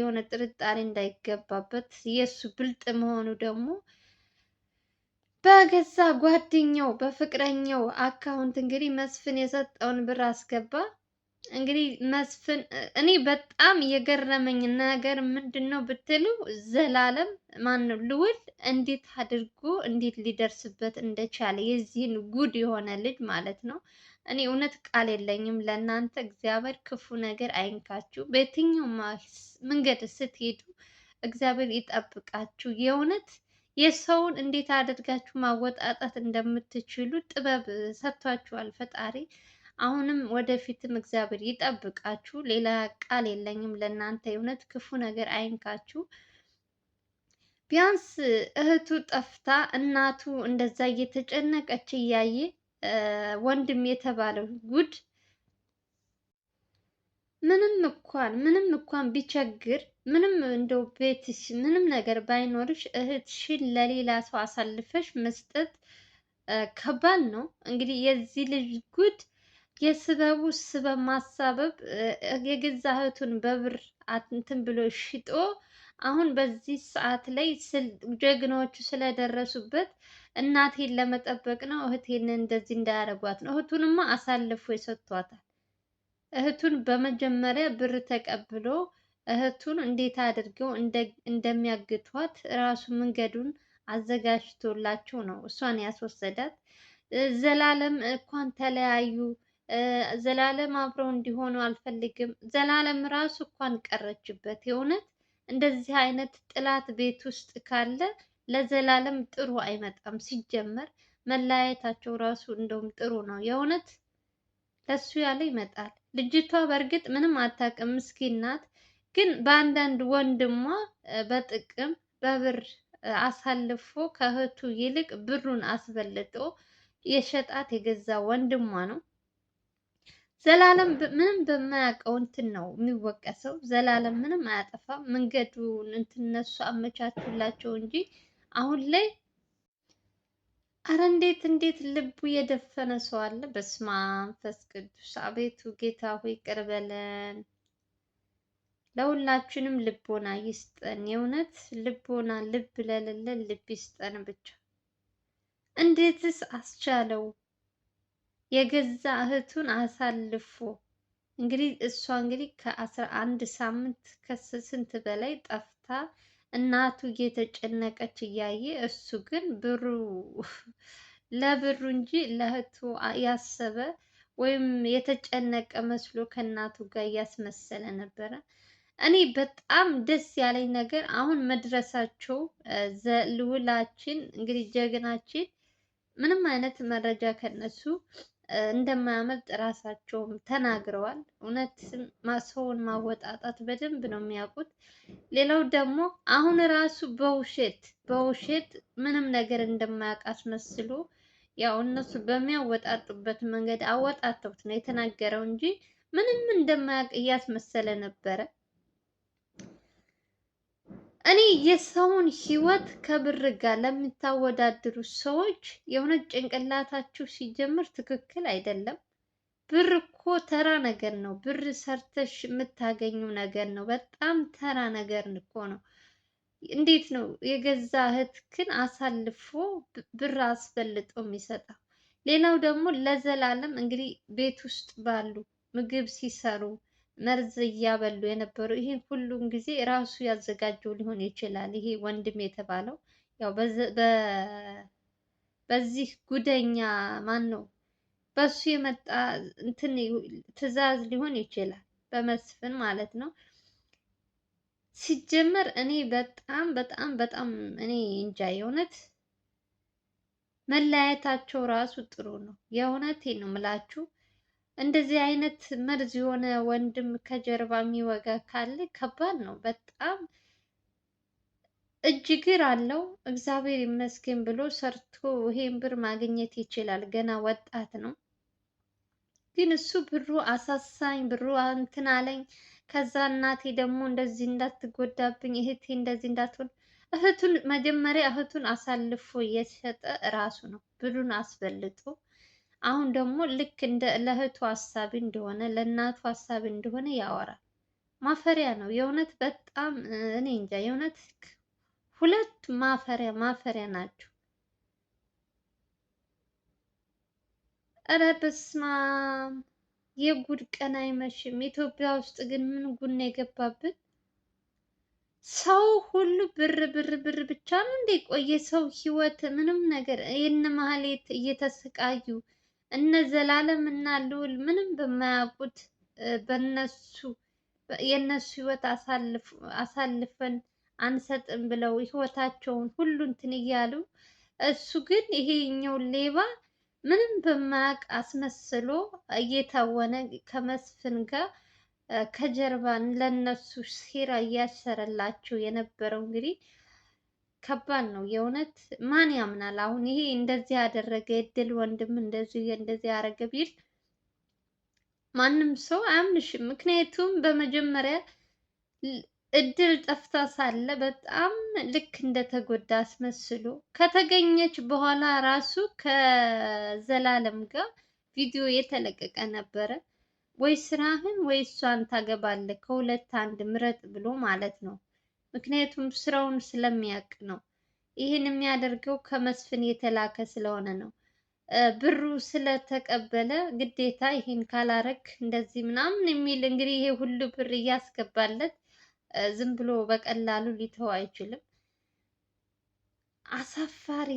የሆነ ጥርጣሬ እንዳይገባበት የእሱ ብልጥ መሆኑ ደግሞ በገዛ ጓደኛው በፍቅረኛው አካውንት እንግዲህ መስፍን የሰጠውን ብር አስገባ። እንግዲህ መስፍን እኔ በጣም የገረመኝ ነገር ምንድን ነው ብትሉ ዘላለም ማን ነው እንዴት አድርጎ እንዴት ሊደርስበት እንደቻለ የዚህን ጉድ የሆነ ልጅ ማለት ነው። እኔ እውነት ቃል የለኝም ለእናንተ። እግዚአብሔር ክፉ ነገር አይንካችሁ። በየትኛው መንገድ ስትሄዱ እግዚአብሔር ይጠብቃችሁ። የእውነት የሰውን እንዴት አድርጋችሁ ማወጣጣት እንደምትችሉ ጥበብ ሰጥቷችኋል ፈጣሪ። አሁንም ወደፊትም እግዚአብሔር ይጠብቃችሁ። ሌላ ቃል የለኝም ለእናንተ። የእውነት ክፉ ነገር አይንካችሁ። ቢያንስ እህቱ ጠፍታ እናቱ እንደዛ እየተጨነቀች እያየ ወንድም የተባለው ጉድ ምንም እንኳን ምንም እንኳን ቢቸግር ምንም እንደው ቤትሽ ምንም ነገር ባይኖርሽ እህትሽን ለሌላ ሰው አሳልፈሽ መስጠት ከባድ ነው። እንግዲህ የዚህ ልጅ ጉድ የስበቡ ስበብ ማሳበብ የገዛ እህቱን በብር እንትን ብሎ ሽጦ አሁን በዚህ ሰዓት ላይ ጀግኖቹ ስለደረሱበት እናቴን ለመጠበቅ ነው፣ እህቴን እንደዚህ እንዳያደርጓት ነው። እህቱንማ አሳልፎ ይሰጥቷታል። እህቱን በመጀመሪያ ብር ተቀብሎ እህቱን እንዴት አድርገው እንደሚያግቷት ራሱ መንገዱን አዘጋጅቶላቸው ነው እሷን ያስወሰዳት። ዘላለም እንኳን ተለያዩ፣ ዘላለም አብረው እንዲሆኑ አልፈልግም። ዘላለም ራሱ እንኳን ቀረችበት። የእውነት እንደዚህ አይነት ጥላት ቤት ውስጥ ካለ ለዘላለም ጥሩ አይመጣም። ሲጀመር መለያየታቸው ራሱ እንደውም ጥሩ ነው። የእውነት ለሱ ያለ ይመጣል። ልጅቷ በእርግጥ ምንም አታውቅም፣ ምስኪን ናት። ግን በአንዳንድ ወንድሟ በጥቅም በብር አሳልፎ ከእህቱ ይልቅ ብሩን አስበልጦ የሸጣት የገዛ ወንድሟ ነው። ዘላለም ምንም በማያውቀው እንትን ነው የሚወቀሰው። ዘላለም ምንም አያጠፋም። መንገዱን እንትን እነሱ አመቻቹላቸው እንጂ አሁን ላይ አረ እንዴት እንዴት ልቡ የደፈነ ሰው አለ። በስመ አብ መንፈስ ቅዱስ አቤቱ ጌታ ሆይ ቅር በለን። ለሁላችንም ልቦና ይስጠን። የእውነት ልቦና ልብ ለሌለ ልብ ይስጠን ብቻ። እንዴትስ አስቻለው የገዛ እህቱን አሳልፎ እንግዲህ እሷ እንግዲህ ከአስራ አንድ ሳምንት ከስንት በላይ ጠፍታ እናቱ እየተጨነቀች እያየ እሱ ግን ብሩ ለብሩ እንጂ ለእህቱ ያሰበ ወይም የተጨነቀ መስሎ ከእናቱ ጋር እያስመሰለ ነበረ። እኔ በጣም ደስ ያለኝ ነገር አሁን መድረሳቸው ልዑላችን እንግዲህ ጀግናችን ምንም አይነት መረጃ ከነሱ እንደማያመልጥ ራሳቸውም ተናግረዋል። እውነት ሰውን ማወጣጣት በደንብ ነው የሚያውቁት። ሌላው ደግሞ አሁን ራሱ በውሸት በውሸት ምንም ነገር እንደማያውቅ አስመስሎ ያው እነሱ በሚያወጣጡበት መንገድ አወጣተውት ነው የተናገረው እንጂ ምንም እንደማያውቅ እያስመሰለ ነበረ። እኔ የሰውን ህይወት ከብር ጋር ለምታወዳድሩ ሰዎች የእውነት ጭንቅላታችሁ ሲጀምር ትክክል አይደለም። ብር እኮ ተራ ነገር ነው። ብር ሰርተሽ የምታገኙ ነገር ነው። በጣም ተራ ነገር እኮ ነው። እንዴት ነው የገዛ እህትክን አሳልፎ ብር አስበልጦ የሚሰጠው? ሌላው ደግሞ ለዘላለም እንግዲህ ቤት ውስጥ ባሉ ምግብ ሲሰሩ መርዝ እያበሉ የነበሩ ይሄ ሁሉም ጊዜ ራሱ ያዘጋጀው ሊሆን ይችላል። ይሄ ወንድም የተባለው ያው በዚህ ጉደኛ ማን ነው በሱ የመጣ እንትን ትዕዛዝ ሊሆን ይችላል፣ በመስፍን ማለት ነው። ሲጀመር እኔ በጣም በጣም በጣም እኔ እንጃ የእውነት መለያየታቸው ራሱ ጥሩ ነው። የእውነቴ ነው ምላችሁ እንደዚህ አይነት መርዝ የሆነ ወንድም ከጀርባ የሚወጋ ካለ ከባድ ነው። በጣም እጅግር አለው እግዚአብሔር ይመስገን ብሎ ሰርቶ ይሄን ብር ማግኘት ይችላል። ገና ወጣት ነው። ግን እሱ ብሩ አሳሳኝ ብሩ እንትን አለኝ። ከዛ እናቴ ደግሞ እንደዚህ እንዳትጎዳብኝ እህቴ እንደዚህ እንዳትሆን እህቱን መጀመሪያ እህቱን አሳልፎ እየሸጠ ራሱ ነው ብሩን አስበልጦ አሁን ደግሞ ልክ እንደ ለእህቱ ሀሳቢ እንደሆነ ለእናቱ ሀሳቢ እንደሆነ ያወራል። ማፈሪያ ነው የእውነት በጣም እኔ እንጃ የእውነት ሁለት ማፈሪያ ማፈሪያ ናቸው። እረ በስመ አብ የጉድ ቀን አይመሽም። ኢትዮጵያ ውስጥ ግን ምን ጉድ ነው የገባብን? ሰው ሁሉ ብር ብር ብር ብቻ ነው እንደ ቆየ ሰው ህይወት ምንም ነገር ይህን መሀሌት እየተሰቃዩ እነ ዘላለም እና ልዑል ምንም በማያውቁት በነሱ የእነሱ ህይወት አሳልፈን አንሰጥም ብለው ህይወታቸውን ሁሉ እንትን እያሉ እሱ ግን ይሄኛው ሌባ ምንም በማያውቅ አስመስሎ እየታወነ ከመስፍን ጋር ከጀርባ ለነሱ ሴራ እያሰረላቸው የነበረው እንግዲህ ከባድ ነው የእውነት ማን ያምናል? አሁን ይሄ እንደዚህ ያደረገ እድል ወንድም እንደዚህ እንደዚህ ያደረገ ቢል ማንም ሰው አያምንሽም። ምክንያቱም በመጀመሪያ እድል ጠፍታ ሳለ በጣም ልክ እንደተጎዳ አስመስሎ ከተገኘች በኋላ ራሱ ከዘላለም ጋር ቪዲዮ የተለቀቀ ነበረ። ወይ ስራህን ወይ እሷን ታገባለህ ከሁለት አንድ ምረጥ ብሎ ማለት ነው ምክንያቱም ስራውን ስለሚያውቅ ነው። ይህን የሚያደርገው ከመስፍን የተላከ ስለሆነ ነው። ብሩ ስለተቀበለ ግዴታ ይህን ካላረግ እንደዚህ ምናምን የሚል እንግዲህ ይሄ ሁሉ ብር እያስገባለት ዝም ብሎ በቀላሉ ሊተው አይችልም። አሳፋሪ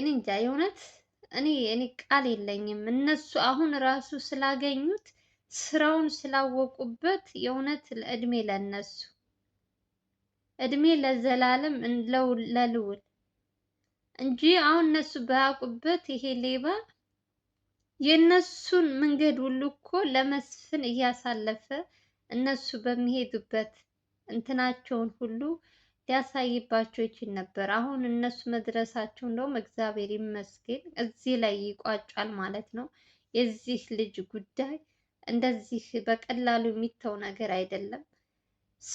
እኔ እንጃ የእውነት እኔ እኔ ቃል የለኝም። እነሱ አሁን ራሱ ስላገኙት ስራውን ስላወቁበት የእውነት ለእድሜ ለነሱ እድሜ ለዘላለም ለልውል እንጂ አሁን እነሱ ባያውቁበት ይሄ ሌባ የእነሱን መንገድ ሁሉ እኮ ለመስፍን እያሳለፈ እነሱ በሚሄዱበት እንትናቸውን ሁሉ ሊያሳይባቸው ይችል ነበር። አሁን እነሱ መድረሳቸው እንደውም እግዚአብሔር ይመስገን እዚህ ላይ ይቋጫል ማለት ነው። የዚህ ልጅ ጉዳይ እንደዚህ በቀላሉ የሚተው ነገር አይደለም።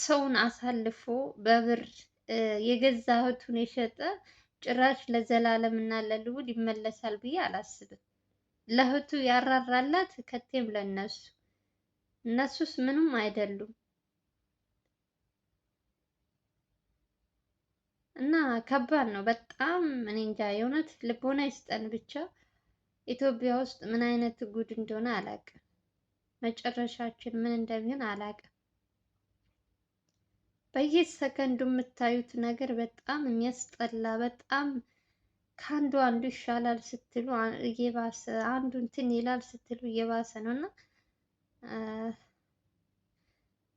ሰውን አሳልፎ በብር የገዛ እህቱን የሸጠ ጭራሽ ለዘላለም እና ለልውድ ይመለሳል ብዬ አላስብም። ለእህቱ ያራራላት ከቴም ለነሱ እነሱስ ምንም አይደሉም። እና ከባድ ነው በጣም እኔ እንጃ የእውነት ልቦና ይስጠን ብቻ። ኢትዮጵያ ውስጥ ምን አይነት ጉድ እንደሆነ አላውቅም። መጨረሻችን ምን እንደሚሆን አላውቅም። በየሰከንዱ የምታዩት ነገር በጣም የሚያስጠላ በጣም ከአንዱ አንዱ ይሻላል ስትሉ እየባሰ አንዱ እንትን ይላል ስትሉ እየባሰ ነው እና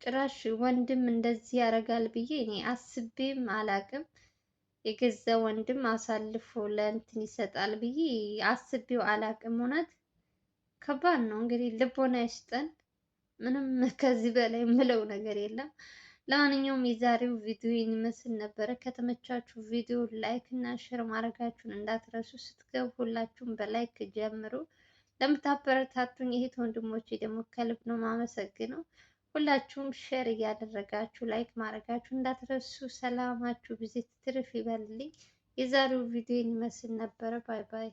ጭራሽ ወንድም እንደዚህ ያደርጋል ብዬ እኔ አስቤም አላቅም። የገዛ ወንድም አሳልፎ ለእንትን ይሰጣል ብዬ አስቤው አላቅም። እውነት ከባድ ነው። እንግዲህ ልቦና ይስጠን። ምንም ከዚህ በላይ የምለው ነገር የለም። ለማንኛውም የዛሬው ቪዲዮ ይመስል ነበረ። ከተመቻችሁ ቪዲዮ ላይክ እና ሼር ማድረጋችሁን እንዳትረሱ። ስትገቡ ሁላችሁም በላይክ ጀምሩ። ለምታበረታቱኝ እህት ወንድሞቼ ደግሞ ከልብ ነው ማመሰግነው። ሁላችሁም ሼር እያደረጋችሁ ላይክ ማድረጋችሁ እንዳትረሱ። ሰላማችሁ ብዜት ትርፍ ይበልልኝ። የዛሬው ቪዲዮ ይመስል ነበረ። ባይ ባይ።